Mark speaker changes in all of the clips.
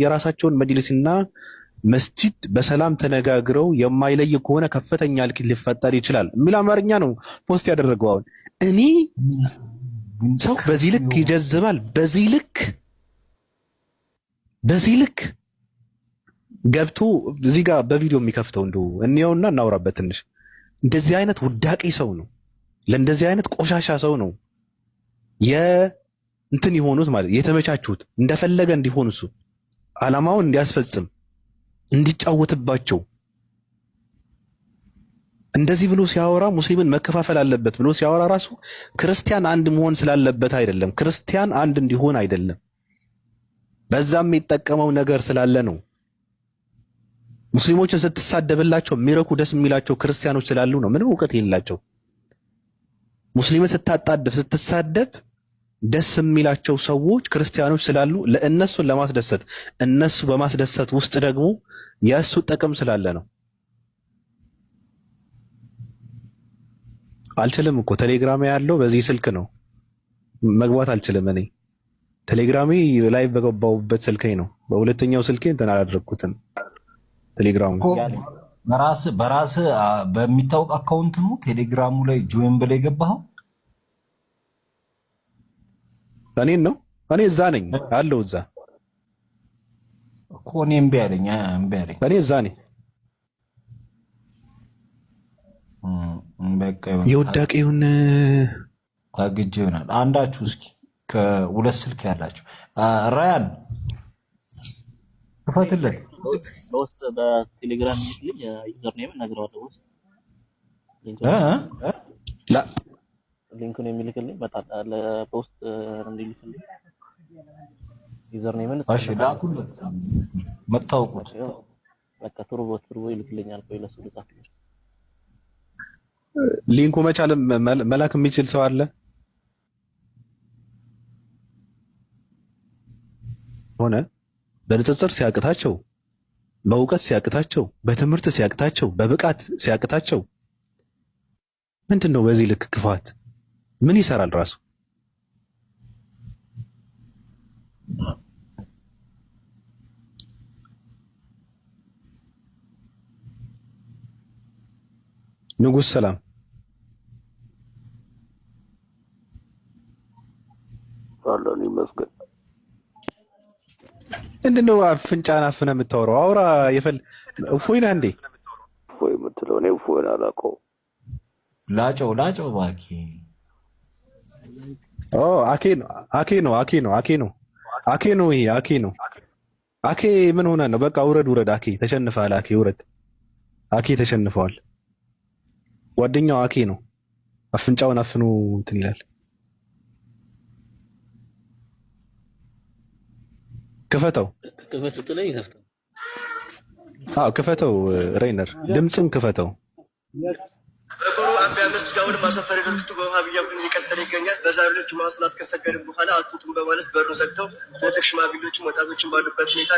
Speaker 1: የራሳቸውን መጅልስና መስጂድ በሰላም ተነጋግረው የማይለይ ከሆነ ከፍተኛ ልክ ሊፈጠር ይችላል የሚል አማርኛ ነው ፖስት ያደረገው። አሁን እኔ ሰው በዚህ ልክ ይጀዝባል፣ በዚህ ልክ በዚህ ልክ ገብቶ እዚህ ጋር በቪዲዮ የሚከፍተው እንዲ እንየውና እናውራበት ትንሽ። እንደዚህ አይነት ውዳቂ ሰው ነው፣ ለእንደዚህ አይነት ቆሻሻ ሰው ነው የእንትን የሆኑት ማለት የተመቻችሁት፣ እንደፈለገ እንዲሆን እሱ ዓላማውን እንዲያስፈጽም እንዲጫወትባቸው እንደዚህ ብሎ ሲያወራ ሙስሊምን መከፋፈል አለበት ብሎ ሲያወራ ራሱ ክርስቲያን አንድ መሆን ስላለበት አይደለም፣ ክርስቲያን አንድ እንዲሆን አይደለም፣ በዛም የሚጠቀመው ነገር ስላለ ነው። ሙስሊሞችን ስትሳደብላቸው የሚረኩ ደስ የሚላቸው ክርስቲያኖች ስላሉ ነው። ምንም እውቀት የሌላቸው ሙስሊምን ስታጣድፍ ስትሳደብ ደስ የሚላቸው ሰዎች ክርስቲያኖች ስላሉ ለእነሱን ለማስደሰት እነሱ በማስደሰት ውስጥ ደግሞ የእሱ ጥቅም ስላለ ነው። አልችልም እኮ ቴሌግራሜ ያለው በዚህ ስልክ ነው። መግባት አልችልም እኔ ቴሌግራሜ ላይ በገባውበት ስልከኝ ነው። በሁለተኛው ስልኬ እንትን አላደረግኩትም። ቴሌግራሙ
Speaker 2: በራስ በሚታወቅ አካውንት ነው ቴሌግራሙ ላይ ጆይን ብለህ የገባኸው
Speaker 1: እኔን ነው። እኔ እዛ ነኝ አለው። እዛ እኮ እኔ እምቢ አለኝ። እምቢ አለኝ። እኔ እዛ ነኝ። በቃ ይሁን፣ የውዳቄ ይሆናል። አንዳችሁ እስኪ ከሁለት ስልክ ያላችሁ ራያን ክፈትለት።
Speaker 3: በውስጥ በቴሌግራም ልጅ ዩዘር ኔም እነግረዋለሁ ሊንኩን የሚልክልኝ በፖስት እንዲልክልኝ ዩዘር ኔምን መታወቁት በቃ ቱርቦ ቱርቦ ይልክልኛል። ቆይ ለሱ ልጻፍ።
Speaker 1: ሊንኩ መቻል መላክ የሚችል ሰው አለ ሆነ በንጽጽር ሲያቅታቸው፣ በእውቀት ሲያቅታቸው፣ በትምህርት ሲያቅታቸው፣ በብቃት ሲያቅታቸው ምንድን ነው በዚህ ልክ ክፋት ምን ይሰራል ራሱ? ንጉስ ሰላም
Speaker 4: አለን ይመስገን።
Speaker 1: ምንድን ነው አፍንጫህን አፍነ የምታወራው? አውራ የፈል እፎይ እንዴ?
Speaker 4: እፎይ የምትለው እኔ እፎይን አላውቀውም።
Speaker 2: ላጨው ላጨው እባክህ
Speaker 1: አኬ ነው አኬ ነው አኬ ነው አኬ ነው አኬ ነው ይሄ አኬ ነው። አኬ ምን ሆነ ነው? በቃ ውረድ ውረድ። አኬ ተሸንፈሃል። አኬ ውረድ። አኬ ተሸንፈዋል። ጓደኛው አኬ ነው። አፍንጫውን አፍኖ እንትን ይላል። ክፈተው ክፈተው፣ ሬይነር ድምፅን ክፈተው።
Speaker 5: አጥቢያ ምስት ዳውድ ማሰፈር የደርግቱ በውሃብያ ቡድን እየቀጠለ ይገኛል። በዛ ዕለት ጁማ ሰላት ከሰገድን በኋላ አትውጡም በማለት በሩ ዘግተው ትልቅ ሽማግሌዎችም ወጣቶችን ባሉበት ሁኔታ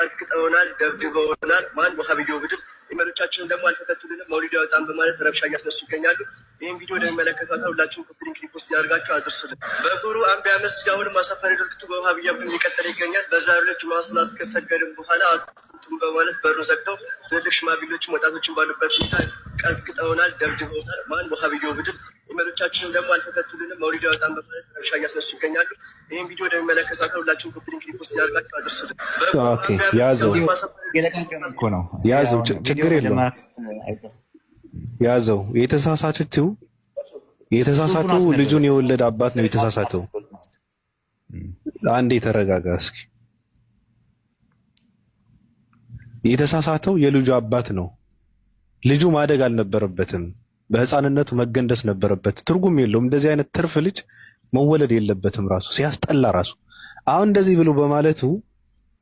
Speaker 5: ቀጥቅጠውናል፣ ደብድበውናል። ማን ወሀብዮ ብድር ኢሜሎቻችንን ደግሞ አልተፈቱልንም፣ መውሊድ ያወጣን በማለት ረብሻ እያስነሱ ይገኛሉ። ይህም ቪዲዮ ለሚመለከታታ ሁላችሁም ኮፒሊንክ ውስጥ ያደርጋችሁ አድርሱልን። በጉሩ አንቢ አመስ ዳሁንም አሳፋሪ ድርጊቱ በውሀብያ ቡድን እየቀጠለ ይገኛል። በዛሬው ዕለት ጁምዓ ሰላት ከሰገድን በኋላ አቱም በማለት በሩን ዘግተው ትልልቅ ሽማግሌዎችም ወጣቶችን ባሉበት ሁኔታ ቀጥቅጠውናል፣ ደብድበውናል። ማን ወሀብዮ ብድር ወንድሞቻችንም ደግሞ አልተከትሉንም። መውሊድ ያወጣን በማለት ረብሻ እያስነሱ ይገኛሉ። ይህም ቪዲዮ ወደሚመለከት ሁላችሁም ኮፒ ሊንክ ሪፖስት ያደርጋችሁ አድርሱልን።
Speaker 1: ያዘው ነው ያዘው፣ ችግር የለም ያዘው። የተሳሳተችው የተሳሳተው ልጁን የወለደ አባት ነው የተሳሳተው። አንዴ ተረጋጋ እስኪ። የተሳሳተው የልጁ አባት ነው። ልጁ ማደግ አልነበረበትም። በህፃንነቱ መገንደስ ነበረበት። ትርጉም የለውም። እንደዚህ አይነት ትርፍ ልጅ መወለድ የለበትም። ራሱ ሲያስጠላ ራሱ አሁን እንደዚህ ብሎ በማለቱ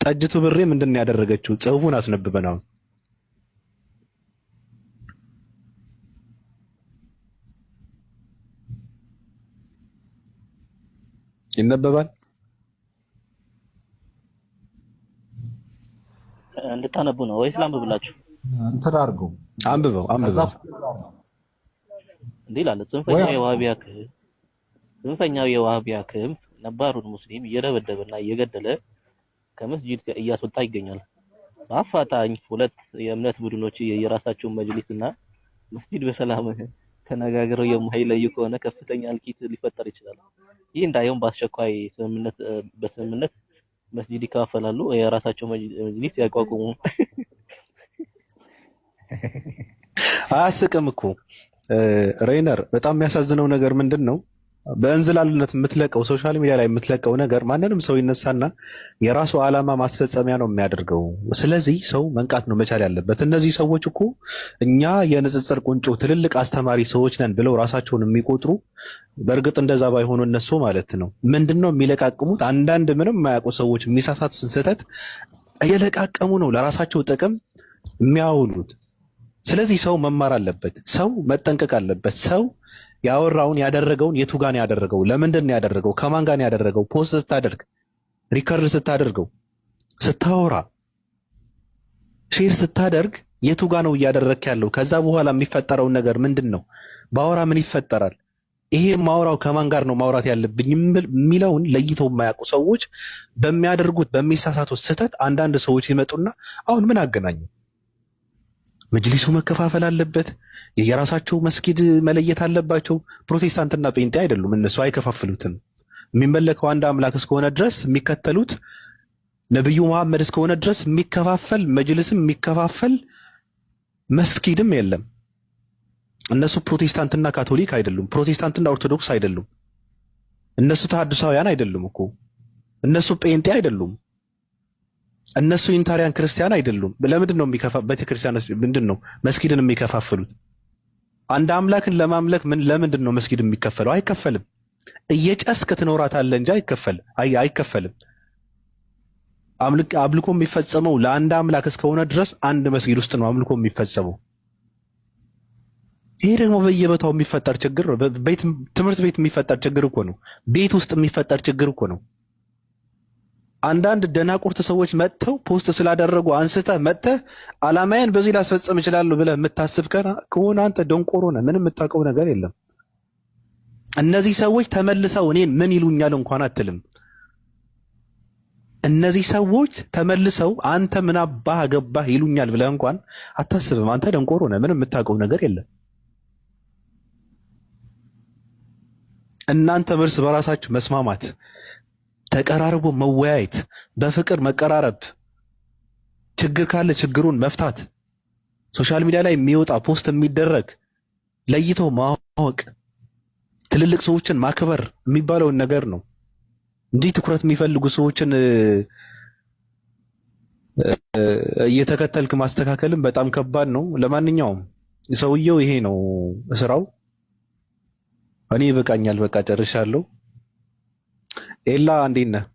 Speaker 1: ጠጅቱ ብሬ ምንድን ነው ያደረገችው? ጽሁፉን አስነብበን አሁን ይነበባል።
Speaker 3: እንድታነቡ ነው ወይስ ላንብብላችሁ?
Speaker 1: እንትን አድርገው አንብበው አንብበው
Speaker 3: እንዲህ ይላል። ጽንፈኛው የዋህቢያ ክንፍ ጽንፈኛው የዋህቢያ ክንፍ ነባሩን ሙስሊም እየደበደበና እየገደለ ከመስጂድ እያስወጣ ይገኛል። በአፋጣኝ ሁለት የእምነት ቡድኖች የየራሳቸውን መጅሊስ እና መስጂድ በሰላም ተነጋግረው የማይለዩ ከሆነ ከፍተኛ እልቂት ሊፈጠር ይችላል። ይህ እንዳይሆን በአስቸኳይ ስምምነት በስምምነት መስጂድ ይካፈላሉ፣ የራሳቸው መጅሊስ ያቋቁሙ።
Speaker 1: አያስቅም እኮ ሬነር በጣም የሚያሳዝነው ነገር ምንድን ነው? በእንዝላልነት የምትለቀው ሶሻል ሚዲያ ላይ የምትለቀው ነገር ማንንም ሰው ይነሳና የራሱ ዓላማ ማስፈጸሚያ ነው የሚያደርገው። ስለዚህ ሰው መንቃት ነው መቻል ያለበት። እነዚህ ሰዎች እኮ እኛ የንጽጽር ቁንጮ ትልልቅ አስተማሪ ሰዎች ነን ብለው ራሳቸውን የሚቆጥሩ በእርግጥ እንደዛ ባይሆኑ እነሱ ማለት ነው ምንድን ነው የሚለቃቅሙት? አንዳንድ ምንም የማያውቁ ሰዎች የሚሳሳቱትን ስህተት እየለቃቀሙ ነው ለራሳቸው ጥቅም የሚያውሉት። ስለዚህ ሰው መማር አለበት። ሰው መጠንቀቅ አለበት። ሰው ያወራውን ያደረገውን የቱ ጋን ያደረገው ለምንድን ነው ያደረገው ከማን ጋን ያደረገው ፖስት ስታደርግ ሪከርድ ስታደርገው ስታወራ ሼር ስታደርግ የቱ ጋ ነው እያደረክ ያለው? ከዛ በኋላ የሚፈጠረውን ነገር ምንድን ነው? ባወራ ምን ይፈጠራል? ይሄ ማውራው ከማን ጋር ነው ማውራት ያለብኝ የሚለውን ለይተው የማያውቁ ሰዎች በሚያደርጉት በሚሳሳቱት ስህተት አንዳንድ ሰዎች ይመጡና አሁን ምን አገናኘው መጅሊሱ መከፋፈል አለበት። የየራሳቸው መስጊድ መለየት አለባቸው። ፕሮቴስታንትና ጴንጤ አይደሉም፣ እነሱ አይከፋፍሉትም። የሚመለከው አንድ አምላክ እስከሆነ ድረስ የሚከተሉት ነቢዩ መሐመድ እስከሆነ ድረስ የሚከፋፈል መጅልስም የሚከፋፈል መስጊድም የለም። እነሱ ፕሮቴስታንትና ካቶሊክ አይደሉም፣ ፕሮቴስታንትና ኦርቶዶክስ አይደሉም። እነሱ ተሐድሳውያን አይደሉም እኮ እነሱ ጴንጤ አይደሉም። እነሱ ዩኒታሪያን ክርስቲያን አይደሉም። ለምንድን ነው ቤተክርስቲያኖች ምንድን ነው መስጊድን የሚከፋፍሉት? አንድ አምላክን ለማምለክ ምን ለምንድን ነው መስጊድ የሚከፈለው? አይከፈልም። እየጨስክ ትኖራታለህ እንጂ አይከፈልም። አይከፈልም። አምልኮ የሚፈጸመው ለአንድ አምላክ እስከሆነ ድረስ አንድ መስጊድ ውስጥ ነው አምልኮ የሚፈጸመው። ይሄ ደግሞ በየቦታው የሚፈጠር ችግር፣ ትምህርት ቤት የሚፈጠር ችግር እኮ ነው። ቤት ውስጥ የሚፈጠር ችግር እኮ ነው። አንዳንድ ደናቁርት ሰዎች መጥተው ፖስት ስላደረጉ አንስተህ መጥተህ አላማዬን በዚህ ላስፈጽም እችላለሁ ብለህ የምታስብ ከሆነ አንተ ደንቆሮ ነህ። ምንም የምታውቀው ነገር የለም። እነዚህ ሰዎች ተመልሰው እኔን ምን ይሉኛል እንኳን አትልም። እነዚህ ሰዎች ተመልሰው አንተ ምን አባህ አገባህ ይሉኛል ብለህ እንኳን አታስብም። አንተ ደንቆሮ ነህ። ምንም የምታውቀው ነገር የለም። እናንተ እርስ በራሳችሁ መስማማት ተቀራርቦ መወያየት፣ በፍቅር መቀራረብ፣ ችግር ካለ ችግሩን መፍታት፣ ሶሻል ሚዲያ ላይ የሚወጣ ፖስት የሚደረግ ለይቶ ማወቅ፣ ትልልቅ ሰዎችን ማክበር የሚባለውን ነገር ነው እንጂ ትኩረት የሚፈልጉ ሰዎችን እየተከተልክ ማስተካከልም በጣም ከባድ ነው። ለማንኛውም ሰውየው ይሄ ነው ስራው። እኔ ይበቃኛል፣ በቃ ጨርሻለሁ። Ella andina